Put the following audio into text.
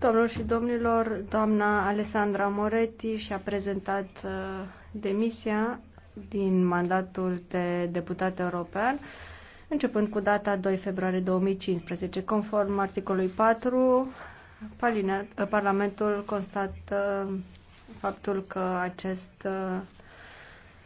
Domnul și domnilor, doamna Alessandra Moretti și-a prezentat uh, demisia din mandatul de deputat european, începând cu data 2 februarie 2015. Conform articolului 4, uh, Parlamentul constată uh, faptul că acest uh,